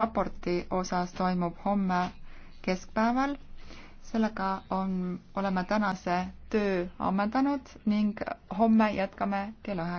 raporti osas toimub homme keskpäeval. sellega on, oleme tänase töö ammendanud ning homme jätkame kell üheksa.